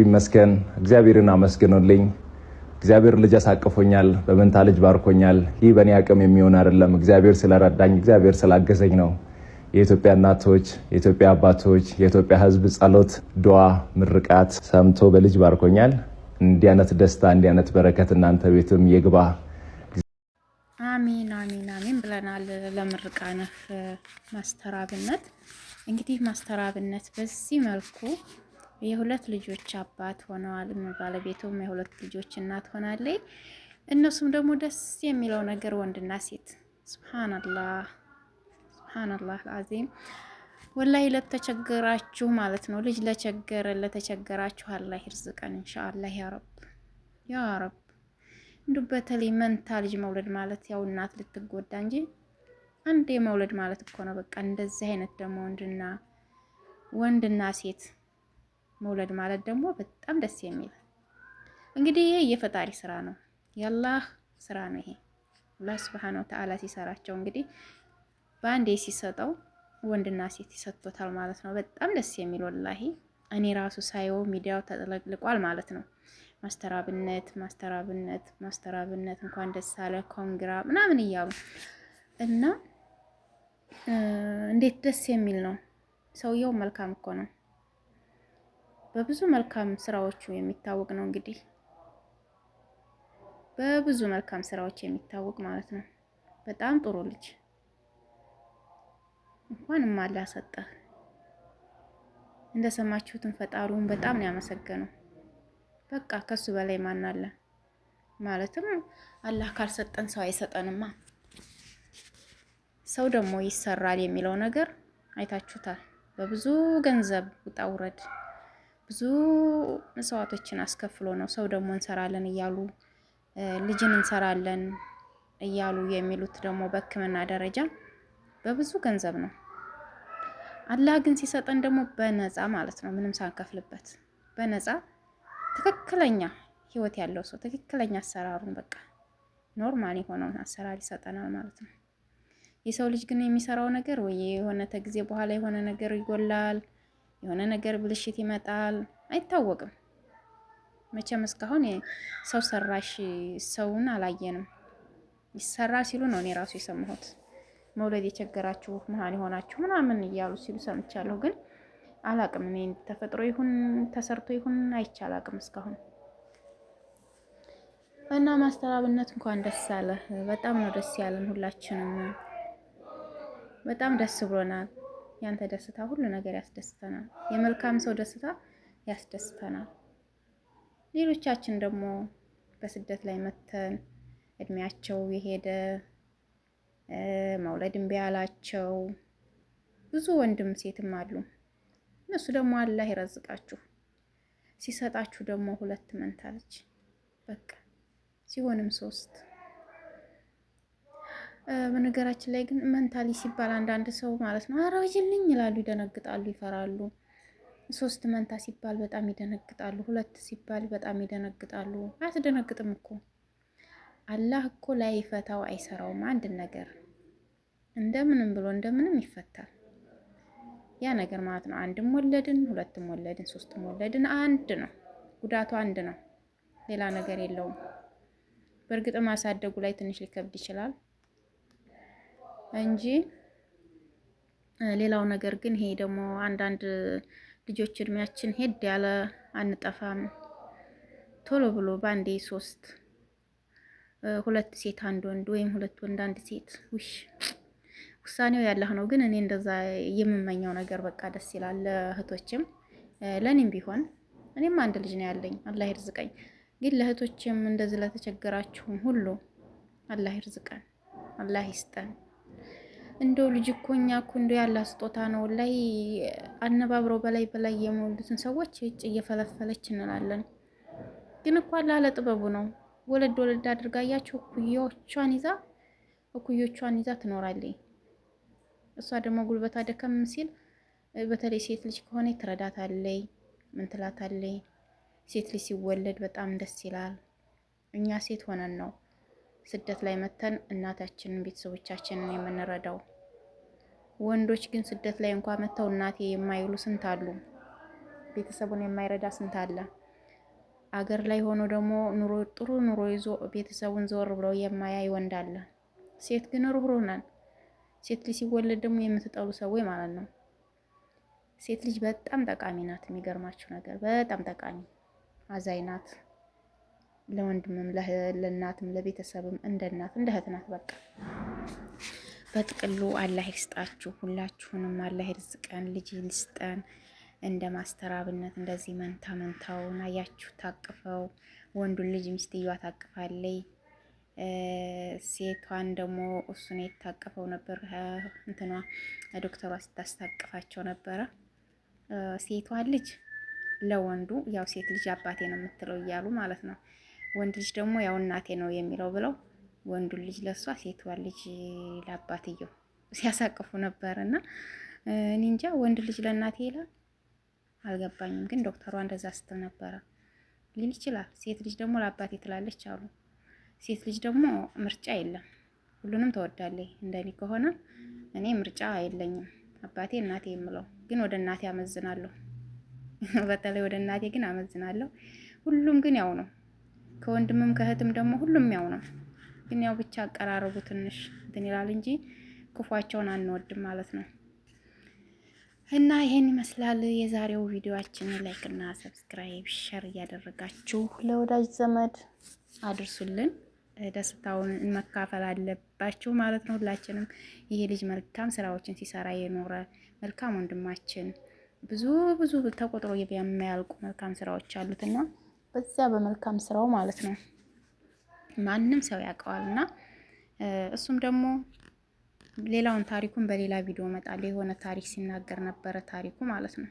ይመስገን እግዚአብሔርን አመስግኑልኝ። እግዚአብሔር ልጅ አሳቅፎኛል፣ በመንታ ልጅ ባርኮኛል። ይህ በእኔ አቅም የሚሆን አይደለም። እግዚአብሔር ስለረዳኝ፣ እግዚአብሔር ስላገዘኝ ነው። የኢትዮጵያ እናቶች፣ የኢትዮጵያ አባቶች፣ የኢትዮጵያ ሕዝብ ጸሎት፣ ድዋ፣ ምርቃት ሰምቶ በልጅ ባርኮኛል። እንዲህ አይነት ደስታ እንዲህ አይነት በረከት እናንተ ቤትም ይግባ። አሚን አሚን አሚን ብለናል። ለምርቃነህ ማስተር አብነት እንግዲህ ማስተር አብነት በዚህ መልኩ የሁለት ልጆች አባት ሆነዋል። ባለቤቱም የሁለት ልጆች እናት ሆናለች። እነሱም ደግሞ ደስ የሚለው ነገር ወንድና ሴት ሱብሃነላህ ሱብሃነላህ አዚም ወላሂ ለተቸገራችሁ ማለት ነው ልጅ ለቸገረ ለተቸገራችሁ አላህ ይርዝቀን ኢንሻአላህ ያ ረብ ያ ረብ እንዱ በተለይ መንታ ልጅ መውለድ ማለት ያው እናት ልትጎዳ እንጂ አንዴ መውለድ ማለት እኮ ነው። በቃ እንደዚህ አይነት ደግሞ ወንድና ወንድና ሴት መውለድ ማለት ደግሞ በጣም ደስ የሚል እንግዲህ ይሄ የፈጣሪ ስራ ነው፣ የአላህ ስራ ነው። ይሄ አላህ ስብሓን ወተዓላ ሲሰራቸው እንግዲህ በአንዴ ሲሰጠው ወንድና ሴት ይሰጥቶታል ማለት ነው። በጣም ደስ የሚል ወላሂ፣ እኔ ራሱ ሳየው ሚዲያው ተጠለቅልቋል ማለት ነው። ማስተራብነት ማስተራብነት ማስተራብነት እንኳን ደስ አለ ኮንግራ ምናምን እያሉ እና እንዴት ደስ የሚል ነው። ሰውየው መልካም እኮ ነው። በብዙ መልካም ስራዎቹ የሚታወቅ ነው። እንግዲህ በብዙ መልካም ስራዎች የሚታወቅ ማለት ነው። በጣም ጥሩ ልጅ እንኳንም አላህ ሰጠህ። እንደሰማችሁትን ፈጣሪውን በጣም ነው ያመሰገነው። በቃ ከሱ በላይ ማን አለ? ማለትም አላህ ካልሰጠን ሰው አይሰጠንማ። ሰው ደግሞ ይሰራል የሚለው ነገር አይታችሁታል። በብዙ ገንዘብ ውጣ ውረድ ብዙ መስዋዕቶችን አስከፍሎ ነው። ሰው ደግሞ እንሰራለን እያሉ ልጅን እንሰራለን እያሉ የሚሉት ደግሞ በሕክምና ደረጃ በብዙ ገንዘብ ነው። አላህ ግን ሲሰጠን ደግሞ በነፃ ማለት ነው፣ ምንም ሳንከፍልበት በነፃ ትክክለኛ ህይወት ያለው ሰው ትክክለኛ አሰራሩን በቃ ኖርማል የሆነውን አሰራር ይሰጠናል ማለት ነው። የሰው ልጅ ግን የሚሰራው ነገር ወይ የሆነ ተጊዜ በኋላ የሆነ ነገር ይጎላል የሆነ ነገር ብልሽት ይመጣል፣ አይታወቅም። መቼም እስካሁን ሰው ሰራሽ ሰውን አላየንም። ይሰራል ሲሉ ነው እኔ ራሱ የሰማሁት። መውለድ የቸገራችሁ መሀን የሆናችሁ ምናምን እያሉ ሲሉ ሰምቻለሁ። ግን አላቅም እኔ ተፈጥሮ ይሁን ተሰርቶ ይሁን አይቼ አላቅም እስካሁን። እና ማስተራብነት እንኳን ደስ አለ። በጣም ነው ደስ ያለን፣ ሁላችንም በጣም ደስ ብሎናል። ያንተ ደስታ ሁሉ ነገር ያስደስተናል። የመልካም ሰው ደስታ ያስደስተናል። ሌሎቻችን ደግሞ በስደት ላይ መተን እድሜያቸው የሄደ መውለድ እምቢ ያላቸው ብዙ ወንድም ሴትም አሉ። እነሱ ደግሞ አላህ ይረዝቃችሁ ሲሰጣችሁ ደግሞ ሁለት መንታለች በቃ ሲሆንም ሶስት በነገራችን ላይ ግን መንታሊ ሲባል አንዳንድ ሰው ማለት ነው አራጅልኝ ይላሉ፣ ይደነግጣሉ፣ ይፈራሉ። ሶስት መንታ ሲባል በጣም ይደነግጣሉ። ሁለት ሲባል በጣም ይደነግጣሉ። አትደነግጥም እኮ አላህ እኮ ላይ ይፈታው አይሰራውም። አንድ ነገር እንደምንም ብሎ እንደምንም ይፈታል ያ ነገር ማለት ነው። አንድም ወለድን፣ ሁለትም ወለድን፣ ሶስትም ወለድን አንድ ነው። ጉዳቱ አንድ ነው፣ ሌላ ነገር የለውም። በእርግጥ ማሳደጉ ላይ ትንሽ ሊከብድ ይችላል። እንጂ ሌላው ነገር ግን ይሄ ደግሞ አንዳንድ ልጆች እድሜያችን ሄድ ያለ አንጠፋም። ቶሎ ብሎ በአንዴ ሶስት ሁለት ሴት አንድ ወንድ ወይም ሁለት ወንድ አንድ ሴት ውሽ ውሳኔው ያለህ ነው። ግን እኔ እንደዛ የምመኘው ነገር በቃ ደስ ይላል። ለእህቶችም ለእኔም ቢሆን እኔም አንድ ልጅ ነው ያለኝ፣ አላህ ይርዝቀኝ። ግን ለእህቶችም እንደዚህ ለተቸገራችሁም ሁሉ አላህ ይርዝቀን፣ አላህ ይስጠን። እንደው ልጅ እኮ እኛ እኮ እንደው ያላ ስጦታ ነው ላይ አነባብረው በላይ በላይ የሞሉትን ሰዎች እጭ እየፈለፈለች እንላለን። ግን እኮ አላለ ጥበቡ ነው። ወለድ ወለድ አድርጋያችሁ እኩዮቿን ይዛ እኩዮቿን ይዛ ትኖራለች። እሷ ደግሞ ጉልበታ ደከም ሲል በተለይ ሴት ልጅ ከሆነ ትረዳታለች፣ ምን ትላታለች። ሴት ልጅ ሲወለድ በጣም ደስ ይላል። እኛ ሴት ሆነን ነው ስደት ላይ መተን እናታችንን ቤተሰቦቻችንን የምንረዳው። ወንዶች ግን ስደት ላይ እንኳ መተው እናቴ የማይሉ ስንት አሉ። ቤተሰቡን የማይረዳ ስንት አለ። አገር ላይ ሆኖ ደግሞ ኑሮ ጥሩ ኑሮ ይዞ ቤተሰቡን ዘወር ብሎ የማያይ ወንድ አለ። ሴት ግን ሩህሩህ ነን። ሴት ልጅ ሲወለድ ደግሞ የምትጠሉ ሰዎች ማለት ነው። ሴት ልጅ በጣም ጠቃሚ ናት። የሚገርማችሁ ነገር በጣም ጠቃሚ አዛይ ናት። ለወንድምም ለእናትም ለቤተሰብም እንደ እናት እንደ ህትናት በቃ በጥቅሉ አላህ ይስጣችሁ ሁላችሁንም አላህ ይርዝቀን፣ ልጅ ይስጠን። እንደ ማስተራብነት እንደዚህ መንታ መንታውን አያችሁ ታቅፈው ወንዱን ልጅ ሚስትዮዋ ታቅፋለይ፣ ሴቷን ደግሞ እሱን የታቀፈው ነበር እንትኗ ዶክተሯ ስታስታቅፋቸው ነበረ። ሴቷን ልጅ ለወንዱ ያው ሴት ልጅ አባቴ ነው የምትለው እያሉ ማለት ነው። ወንድ ልጅ ደግሞ ያው እናቴ ነው የሚለው ብለው ወንዱን ልጅ ለሷ፣ ሴቷ ልጅ ለአባትየው ሲያሳቅፉ ነበር። እና እኔ እንጃ ወንድ ልጅ ለእናቴ ይላል አልገባኝም። ግን ዶክተሯ እንደዛ ስትል ነበረ። ሊል ይችላል። ሴት ልጅ ደግሞ ለአባቴ ትላለች አሉ። ሴት ልጅ ደግሞ ምርጫ የለም፣ ሁሉንም ተወዳለች። እንደኔ ከሆነ እኔ ምርጫ የለኝም። አባቴ እናቴ የምለው ግን ወደ እናቴ አመዝናለሁ። በተለይ ወደ እናቴ ግን አመዝናለሁ። ሁሉም ግን ያው ነው ከወንድምም ከእህትም ደግሞ ሁሉም ያው ነው። ግን ያው ብቻ አቀራረቡ ትንሽ እንትን ይላል እንጂ ክፏቸውን አንወድም ማለት ነው። እና ይሄን ይመስላል የዛሬው ቪዲዮአችን። ላይክ እና ሰብስክራይብ፣ ሸር እያደረጋችሁ ለወዳጅ ዘመድ አድርሱልን። ደስታውን መካፈል አለባችሁ ማለት ነው ሁላችንም። ይሄ ልጅ መልካም ስራዎችን ሲሰራ የኖረ መልካም ወንድማችን ብዙ ብዙ ተቆጥሮ የሚያልቁ መልካም ስራዎች አሉትና በዛ በመልካም ስራው ማለት ነው። ማንም ሰው ያውቀዋል እና እሱም ደግሞ ሌላውን ታሪኩን በሌላ ቪዲዮ እመጣለሁ የሆነ ታሪክ ሲናገር ነበረ ታሪኩ ማለት ነው።